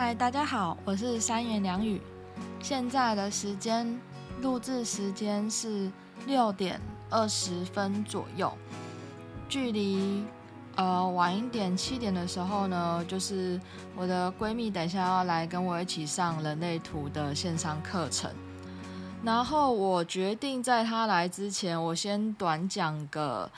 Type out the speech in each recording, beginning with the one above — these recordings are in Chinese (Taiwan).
嗨，大家好，我是三妍良語。現在的時間，錄製時間是六點二十分左右。距離呃晚一點七點的時候呢，就是我的閨蜜等一下要來跟我一起上人類圖的線上課程。然後我決定在她來之前，我先短講個，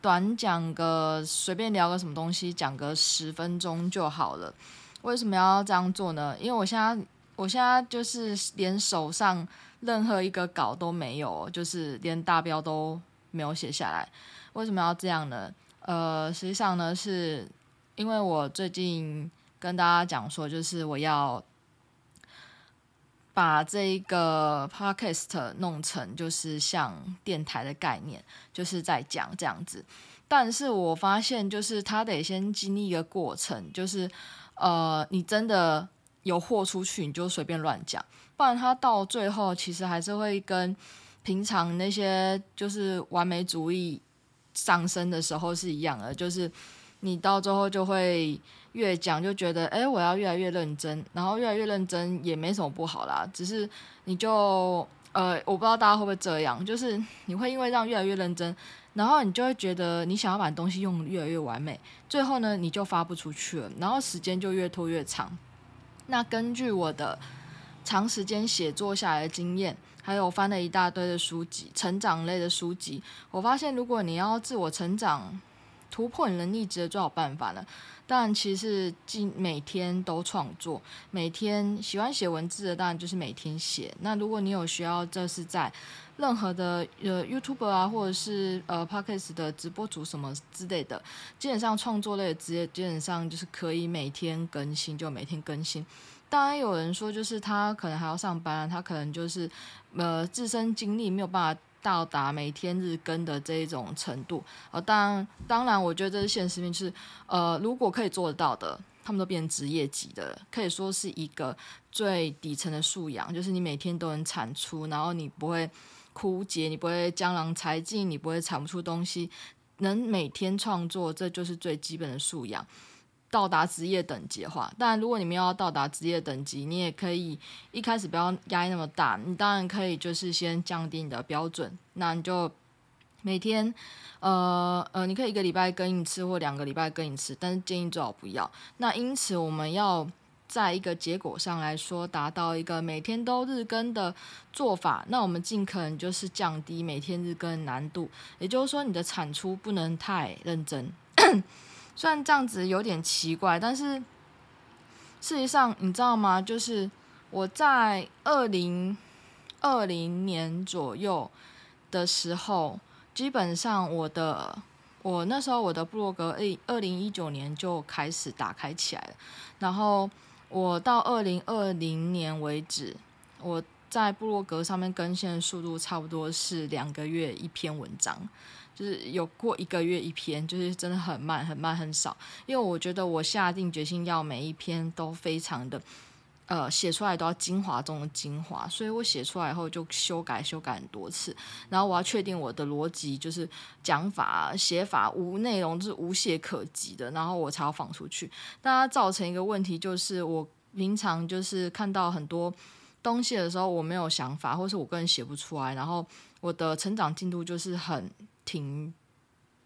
短講個，隨便聊個什麼東西，講個十分鐘就好了。為什麼要這樣做呢？因為我現在，我現在就是連手上任何一個稿都沒有，就是連大標都沒有寫下來。為什麼要這樣呢？呃，實際上呢，是因為我最近跟大家講說，就是我要把這一個 podcast 弄成就是像電台的概念，就是在講這樣子。但是我發現，就是他得先經歷一個過程，就是。呃，你真的有豁出去，你就隨便亂講，不然他到最後其實還是會跟平常那些就是完美主義上升的時候是一樣的，就是你到最後就會越講就覺得，哎、欸，我要越來越認真，然後越來越認真也沒什麼不好啦，只是你就。呃，我不知道大家會不會這樣，就是你會因為這樣越來越認真，然後你就會覺得你想要把東西用越來越完美，最後呢，你就發不出去了，然後時間就越拖越長。那根據我的長時間寫作下來的經驗，還有翻了一大堆的書籍，成長類的書籍，我發現如果你要自我成長、突破你的逆境的最好辦法呢？但其實每每天都創作，每天喜歡寫文字的，當然就是每天寫。那如果你有需要，這是在任何的呃 YouTube 啊，或者是呃 Podcast 的直播組什麼之類的，基本上創作類的職業，基本上就是可以每天更新，就每天更新。當然有人說，就是他可能還要上班，他可能就是呃自身精力沒有辦法。到達每天日更的這一種程度呃，當當然，當然我覺得這是現實面，就是呃，如果可以做得到的，他們都變成職業級的，可以說是一個最底層的素養，就是你每天都能產出，然後你不會枯竭，你不會江郎才盡，你不會產不出東西，能每天創作，這就是最基本的素養，到達職業等級的話，當然，但如果你們要到達職業等級，你也可以一開始不要壓力那麼大，你當然可以就是先降低你的標準，那你就每天呃呃，你可以一個禮拜更一次或兩個禮拜更一次，但是建議最好不要。那因此我們要在一個結果上來說，達到一個每天都日更的做法，那我們盡可能就是降低每天日更難度，也就是說你的產出不能太認真。 雖然這樣子有點奇怪，但是事實上，你知道嗎？就是我在二零二零年左右的時候，基本上我的我那時候我的部落格二零一九年就開始打開起來了，然後我到二零二零年為止，我在部落格上面更新的速度差不多是兩個月一篇文章。就是有過一個月一篇，就是真的很慢，很慢，很少。因為我覺得我下定決心要每一篇都非常的，呃，寫出來都要精華中的精華，所以我寫出來以後就修改修改很多次，然後我要確定我的邏輯就是講法、寫法、無內容是無懈可擊的，然後我才要放出去。那造成一個問題就是，我平常就是看到很多東西的時候，我沒有想法，或是我個人寫不出來，然後我的成長進度就是很。停，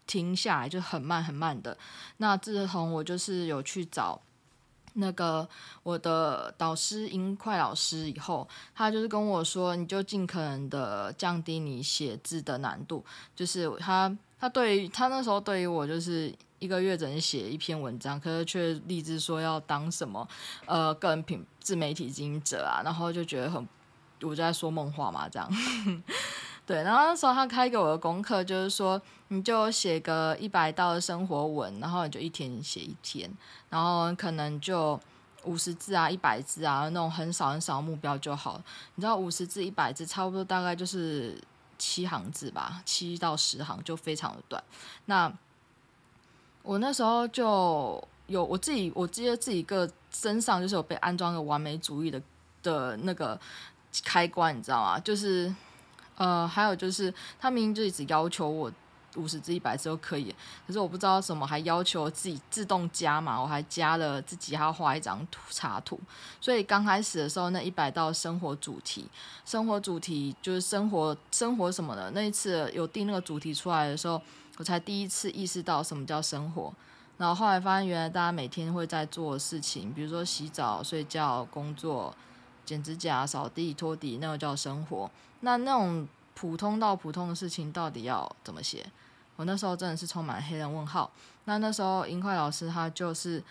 停下來就很慢很慢的。那自從我就是有去找那個我的導師英快老師以後，他就是跟我說，你就盡可能的降低你寫字的難度。就是他，他對於他那時候對於我，就是一個月只能寫一篇文章，可是卻立志說要當什麼呃個人品自媒體經營者啊，然後就覺得很，我就在說夢話嘛，這樣。 對，然後那時候他開給我的功課就是說，你就寫個一百道的生活文，然後你就一天寫一天，然後可能就五十字啊、一百字啊那種很少很少的目標就好了。你知道五十字、一百字，差不多大概就是七行字吧，七到十行就非常的短。那我那時候就有我自己，我記得自己個身上就是有被安裝個完美主義的的那個開關，你知道嗎？就是。呃，還有就是，他明明就只要求我五十至一百字都可以，可是我不知道什麼還要求我自己自動加嘛，我還加了自己還要畫一張圖插圖。所以剛開始的時候，那一百道生活主題，生活主題就是生活生活什麼的。那一次有定那個主題出來的時候，我才第一次意識到什麼叫生活。然後後來發現，原來大家每天會在做事情，比如說洗澡、睡覺、工作。剪指甲、掃地、拖地，那個叫生活。那那種普通到普通的事情，到底要怎麼寫？我那時候真的是充滿黑人問號。那那時候銀塊老師他就是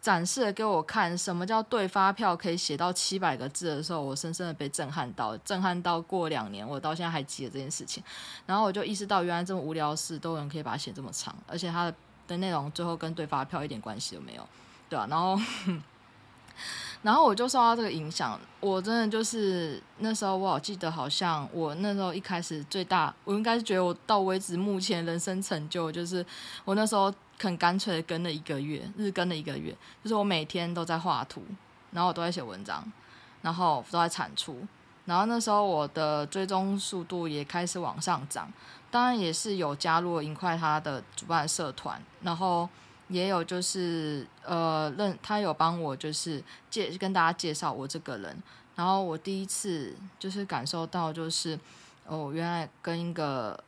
展示了給我看，什麼叫對發票可以寫到七百個字的時候，我深深的被震撼到，震撼到過兩年，我到現在還記得這件事情。然後我就意識到，原來這麼無聊的事，都有人可以把它寫這麼長，而且它的內容最後跟對發票一點關係都沒有，對吧？啊，然後。然後我就受到這個影響，我真的就是那時候，我好記得好像我那時候一開始最大，我應該是覺得我到為止目前人生成就，就是我那時候很乾脆跟了一個月，日更了一個月，就是我每天都在畫圖，然後我都在寫文章，然後都在產出，然後那時候我的追蹤速度也開始往上漲，當然也是有加入了一塊它的主辦社團，然後。也有就是呃，認他有幫我就是介跟大家介紹我這個人，然後我第一次就是感受到就是哦，原來跟一個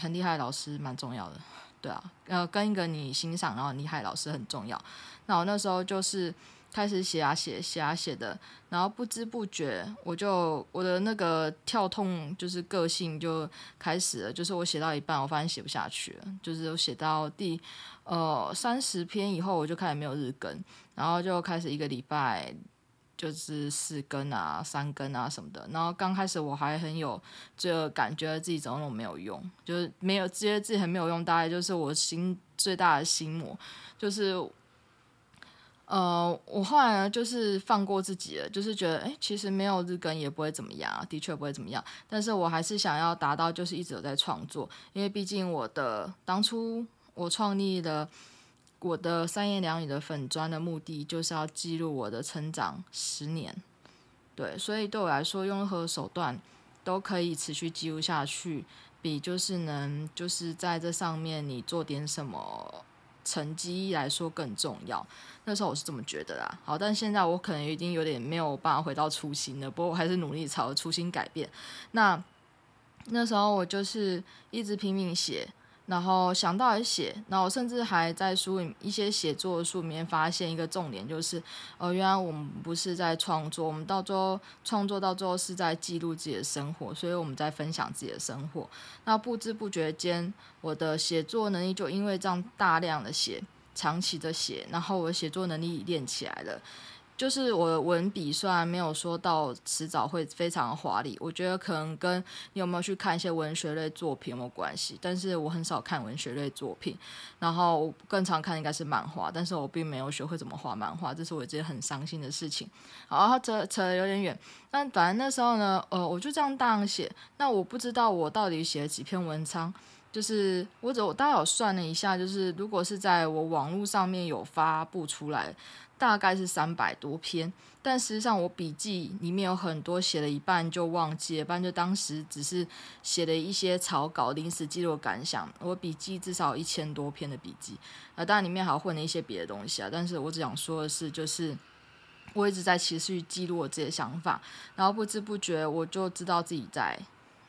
很厲害的老師蠻重要的，對啊，呃，跟一個你欣賞然後厲害的老師很重要。那我那時候就是開始寫啊寫寫啊寫的，然後不知不覺我就我的那個跳痛就是個性就開始了，就是我寫到一半我發現寫不下去了，就是我寫到第。呃，三十篇以後我就開始沒有日更，然後就開始一個禮拜就是四更啊、三更啊什麼的。然後剛開始我還很有罪惡感，覺得自己怎麼那麼沒有用，就是沒有覺得自己很沒有用。大概就是我心最大的心魔就是呃，我後來呢就是放過自己了，就是覺得哎，其實沒有日更也不會怎麼樣啊，的確不會怎麼樣。但是我還是想要達到，就是一直有在創作，因為畢竟我的當初。我創立的，我的三妍良語的粉專的目的，就是要記錄我的成長十年。對，所以對我來說，用任何手段都可以持續記錄下去，比就是能就是在這上面你做點什麼成績來說更重要。那時候我是這麼覺得啦。好，但現在我可能已經有點沒有辦法回到初心了。不過我還是努力朝着初心改變。那那時候我就是一直拼命寫。然後想到還寫，然後我甚至還在書裡一些寫作的書裡面發現一個重點，就是，呃，原來我們不是在創作，我們到最後創作到最後是在記錄自己的生活，所以我們在分享自己的生活。那不知不覺間，我的寫作能力就因為這樣大量的寫、長期的寫，然後我的寫作能力也練起來了。就是我的文筆雖然沒有說到遲早會非常華麗，我覺得可能跟你有沒有去看一些文學類作品有沒有關係。但是我很少看文學類作品，然後更常看應該是漫畫，但是我並沒有學會怎麼畫漫畫，這是我一件很傷心的事情。然後扯扯的有點遠，但反正那時候呢，呃，我就這樣大量寫，那我不知道我到底寫了幾篇文章。就是我只，我大概有算了一下，就是如果是在我網絡上面有發布出來，大概是三百多篇。但實際上我筆記裡面有很多寫了一半就忘記，不然就當時只是寫了一些草稿，臨時記錄感想。我筆記至少有一千多篇的筆記，啊，當然裡面還混了一些別的東西啊。但是我只想說的是，就是我一直在持續記錄我自己的想法，然後不知不覺我就知道自己在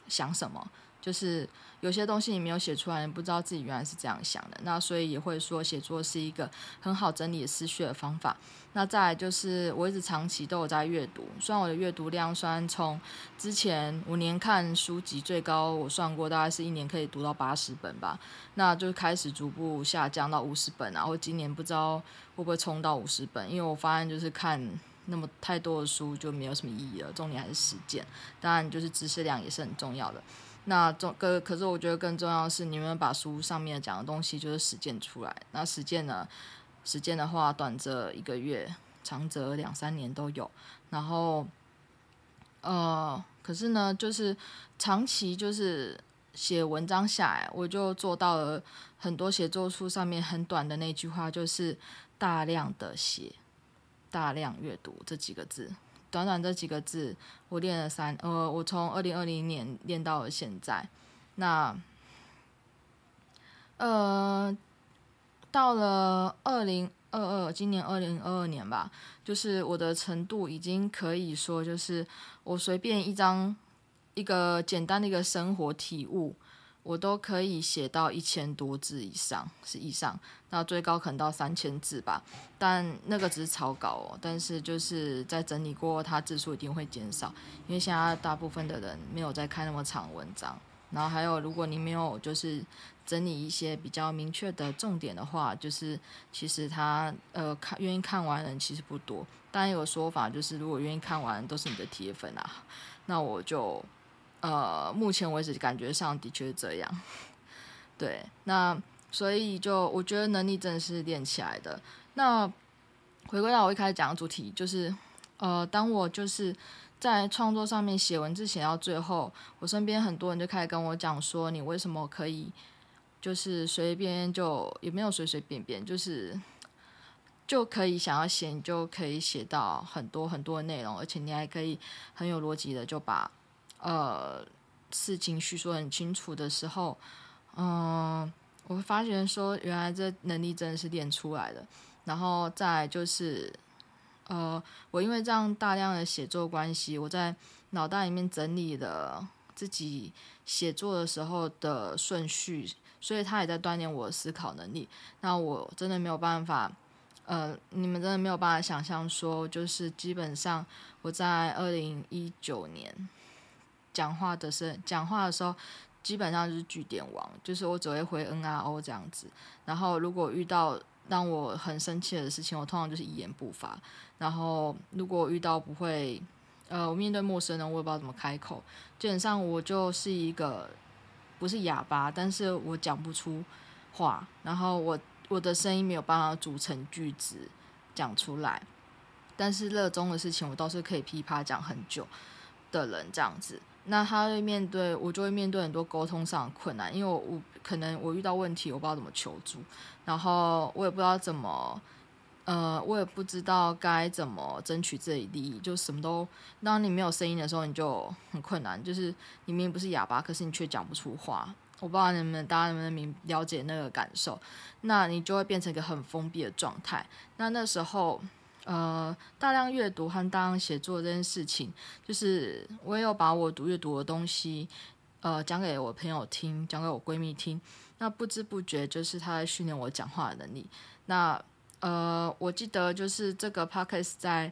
想什麼。就是有些東西你沒有寫出來，你不知道自己原來是這樣想的。那所以也會說寫作是一個很好整理思緒的方法。那再來就是我一直長期都有在閱讀，雖然我的閱讀量雖然從之前五年看書籍最高，我算過大概是一年可以讀到八十本吧，那就開始逐步下降到五十本啊，然後今年不知道會不會衝到五十本，因為我發現就是看那麼太多的書就沒有什麼意義了。重點還是實踐，當然就是知識量也是很重要的。那重更可是，我覺得更重要的是，你們把書上面講的東西就是實踐出來。那實踐呢？實踐的話，短則一個月，長則兩三年都有。然後，呃，可是呢，就是長期就是寫文章下來，我就做到了很多寫作書上面很短的那句話，就是大量的寫、大量閱讀這幾個字。短短這幾個字，我練了三，呃，我從二零二零年練到了現在，那，呃，到了二零二二，今年二零二二年吧，就是我的程度已經可以說，就是我隨便一張，一個簡單的一個生活體悟。我都可以寫到一千多字以上，是以上，那最高可能到三千字吧。但那個只是草稿哦，但是就是在整理過，它字數一定會減少，因為現在大部分的人沒有在看那麼長文章。然後還有，如果你沒有就是整理一些比較明確的重點的話，就是其實他呃看願意看完的人其實不多。當然有說法就是，如果願意看完都是你的鐵粉啊，那我就。呃，目前為止感覺上的確是這樣，對。那所以就我覺得能力真的是練起來的。那回歸到我一開始講的主題，就是呃，當我就是在創作上面寫文字寫到最後，我身邊很多人就開始跟我講說，你為什麼可以就是隨便就也沒有隨隨便便，就是就可以想要寫你就可以寫到很多很多的內容，而且你還可以很有邏輯的就把。呃，事情敘述很清楚的時候，嗯、呃，我會發現說，原來這能力真的是練出來的。然後再來就是，呃，我因為這樣大量的寫作關係，我在腦袋裡面整理了自己寫作的時候的順序，所以他也在鍛鍊我的思考能力。那我真的沒有辦法，呃，你們真的沒有辦法想象說，說就是基本上我在二零一九年。講話的聲，講話的時候基本上就是句點王，就是我只會回嗯啊哦這樣子。然後如果遇到讓我很生氣的事情，我通常就是一言不發。然後如果遇到不會，呃，我面對陌生人我也不知道怎麼開口。基本上我就是一個不是啞巴，但是我講不出話，然後我我的聲音沒有辦法組成句子講出來。但是熱衷的事情，我倒是可以噼啪講很久的人這樣子。那他會面對，我就會面對很多溝通上的困難，因為我，我可能我遇到問題，我不知道怎麼求助，然後我也不知道怎麼，呃，我也不知道該怎麼爭取自己利益，就什麼都。當你沒有聲音的時候，你就很困難，就是你明明不是啞巴，可是你卻講不出話。我不知道你們大家能不能明了解那個感受，那你就會變成一個很封閉的狀態。那那時候。呃，大量閱讀和大量寫作的這件事情，就是我也有把我讀閱讀的東西，呃，講給我朋友聽，講給我閨蜜聽。那不知不覺就是她在訓練我講話的能力。那呃，我記得就是這個 podcast 在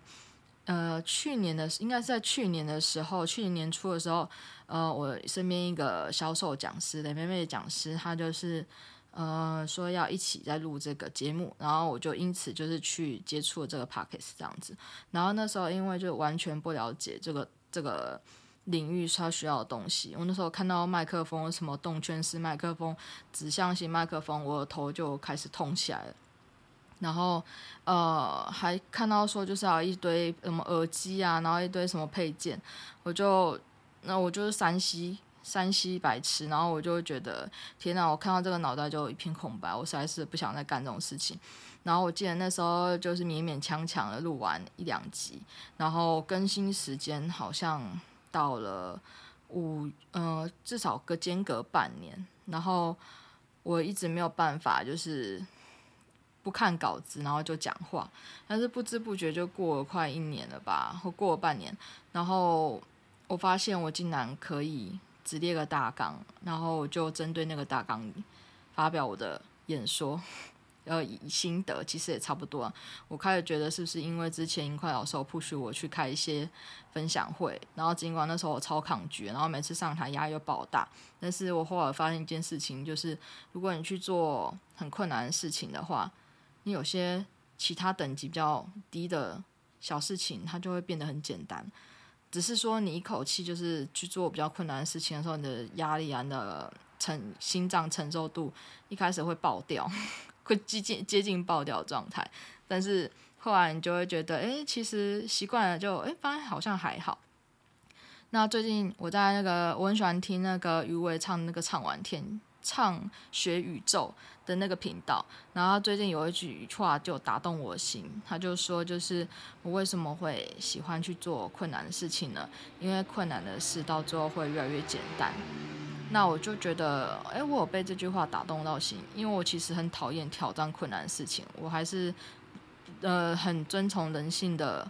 呃去年的，應該是在去年的時候，去年年初的時候，呃，我身邊一個銷售講師，雷妹妹的講師，她就是。呃，說要一起在錄這個節目，然後我就因此就是去接觸了這個 Podcast 這樣子。然後那時候因為就完全不了解這個這個領域它需要的東西，我那時候看到麥克風什麼動圈式麥克風、指向性麥克風，我的頭就開始痛起來了。然後呃，還看到說就是要一堆什麼耳機啊，然後一堆什麼配件，我就那我就是 3C，山西白痴，然後我就會覺得天哪，我看到這個腦袋就一片空白，我實在是不想再幹這種事情。然後我記得那時候就是勉勉強強的錄完一兩集，然後更新時間好像到了五，呃，至少隔間隔半年。然後我一直沒有辦法，就是不看稿子，然後就講話。但是不知不覺就過了快一年了吧，或過了半年，然後我發現我竟然可以。只列個大綱，然後就針對那個大綱發表我的演說，呃，心得其實也差不多啊。我開始覺得是不是因為之前銀礦老師 push 我去開一些分享會，然後儘管那時候我超抗拒，然後每次上台壓力又爆大，但是我後來發現一件事情，就是如果你去做很困難的事情的話，你有些其他等級比較低的小事情，它就會變得很簡單。只是說，你一口氣就是去做比較困難的事情的時候，你的壓力啊，你的承心臟承受度一開始會爆掉，會接近接近爆掉的狀態。但是後來你就會覺得，哎，其實習慣了就，就哎，反而好像還好。那最近我在那個，我很喜歡聽那個余偉唱那個《唱完天》。唱學宇宙的那個頻道，然後他最近有一句話就打動我心，他就說就是我為什麼會喜歡去做困難的事情呢？因為困難的事到最後會越來越簡單。那我就覺得，哎、欸，我有被這句話打動到心，因為我其實很討厭挑戰困難的事情，我還是呃很遵從人性的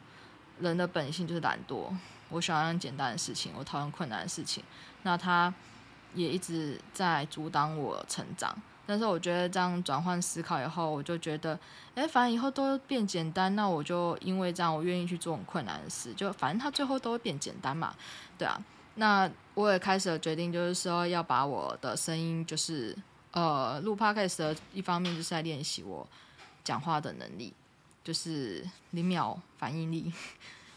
人的本性就是懶惰，我喜歡簡單的事情，我討厭困難的事情。那他，也一直在阻擋我成長，但是我覺得這樣轉換思考以後，我就覺得，誒，反正以後都變簡單，那我就因為這樣，我願意去做很困難的事，就反正它最後都會變簡單嘛，對啊。那我也開始有決定，就是說要把我的聲音，就是呃，錄 podcast 的一方面，就是在練習我講話的能力，就是零秒反應力呵呵，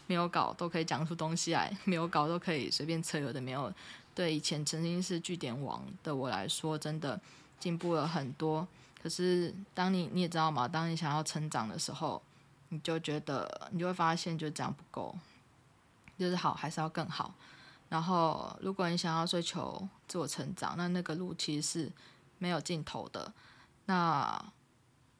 沒有稿都可以講出東西來，沒有稿都可以隨便扯有的沒有。對以前曾經是句點王的我來說，真的進步了很多。可是當你你也知道嘛，當你想要成長的時候，你就覺得你就會發現就這樣不夠，就是好還是要更好。然後如果你想要追求自我成長，那那個路其實是沒有盡頭的。那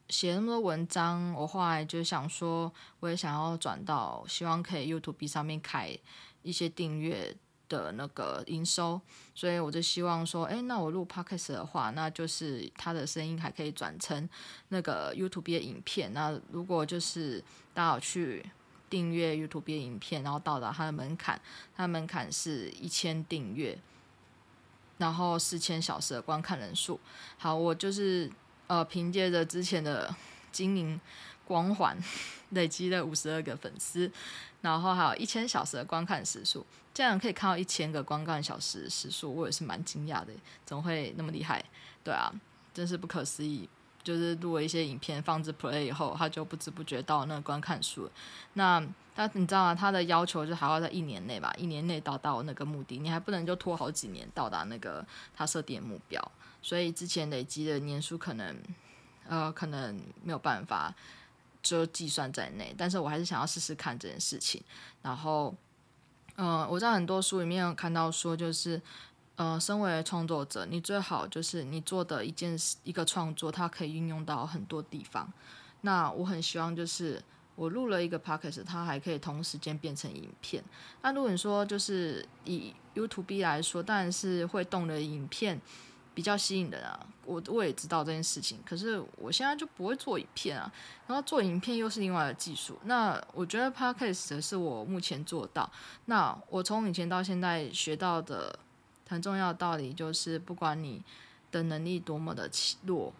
寫那麼多文章，我後來就想說，我也想要轉到希望可以 YouTube 上面開一些訂閱。的那個營收，所以我就希望說，哎、欸，那我錄 Podcast 的話，那就是他的聲音還可以轉成那個 YouTube 的影片。那如果就是大家有去訂閱 YouTube 的影片，然後到達他的門檻，他的門檻是一千訂閱，然後四千小時的觀看人數。好，我就是呃憑借着之前的。經營光環累積了五十二個粉絲，然後還有一千小時的觀看時數，這樣可以看到一千個觀看小時時數，我也是蠻驚訝的，怎麼會那麼厲害？對啊，真是不可思議！就是錄了一些影片，放置 play 以後，他就不知不覺到那個觀看數。那他你知道嗎，他的要求就還要在一年內吧，一年內達到那個目的，你還不能就拖好幾年到達那個他設定的目標。所以之前累積的年數可能。呃，可能沒有辦法就計算在內，但是我還是想要試試看這件事情。然後，呃，我在很多書裡面有看到說，就是呃，身為創作者，你最好就是你做的一件事，一個創作，它可以運用到很多地方。那我很希望就是我錄了一個 podcast，它還可以同時間變成影片。那如果你說就是以 YouTube 來說，當然是會動的影片。比較吸引人啊，我我也知道這件事情，可是我現在就不會做影片啊，然後做影片又是另外的技術。那我覺得 Podcast 是我目前做到。那我從以前到現在學到的很重要的道理就是，不管你的能力多麼的弱，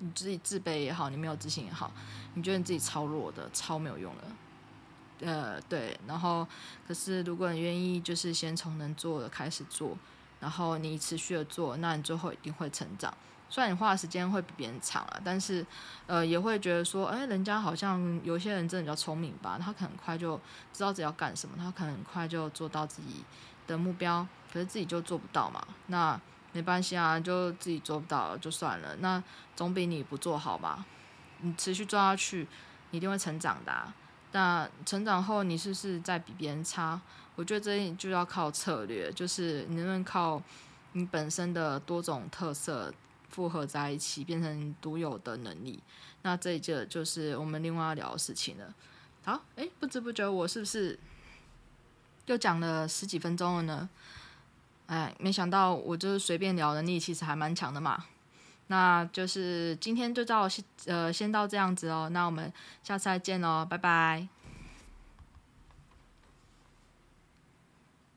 你自己自卑也好，你沒有自信也好，你覺得你自己超弱的，超沒有用的。呃，對。然後，可是如果你願意，就是先從能做的開始做。然後你持續的做，那你最後一定會成長。雖然你花的時間會比別人長啊，但是，呃，也會覺得說，哎，人家好像有些人真的比較聰明吧，他可能快就知道自己要幹什麼，他可能很快就做到自己的目標，可是自己就做不到嘛。那沒關係啊，就自己做不到就算了，那總比你不做好吧。你持續做下去，你一定會成長的啊。那成長後你是不是在比別人差？我覺得這就要靠策略，就是你能不能靠你本身的多種特色複合在一起，變成獨有的能力。那這一個就是我們另外要聊的事情了。好，哎、欸，不知不覺我是不是又講了十幾分鐘了呢？哎，沒想到我就是隨便聊的能力其實還蠻強的嘛。那就是今天就到先呃先到這樣子哦，那我們下次再見嘍，拜拜。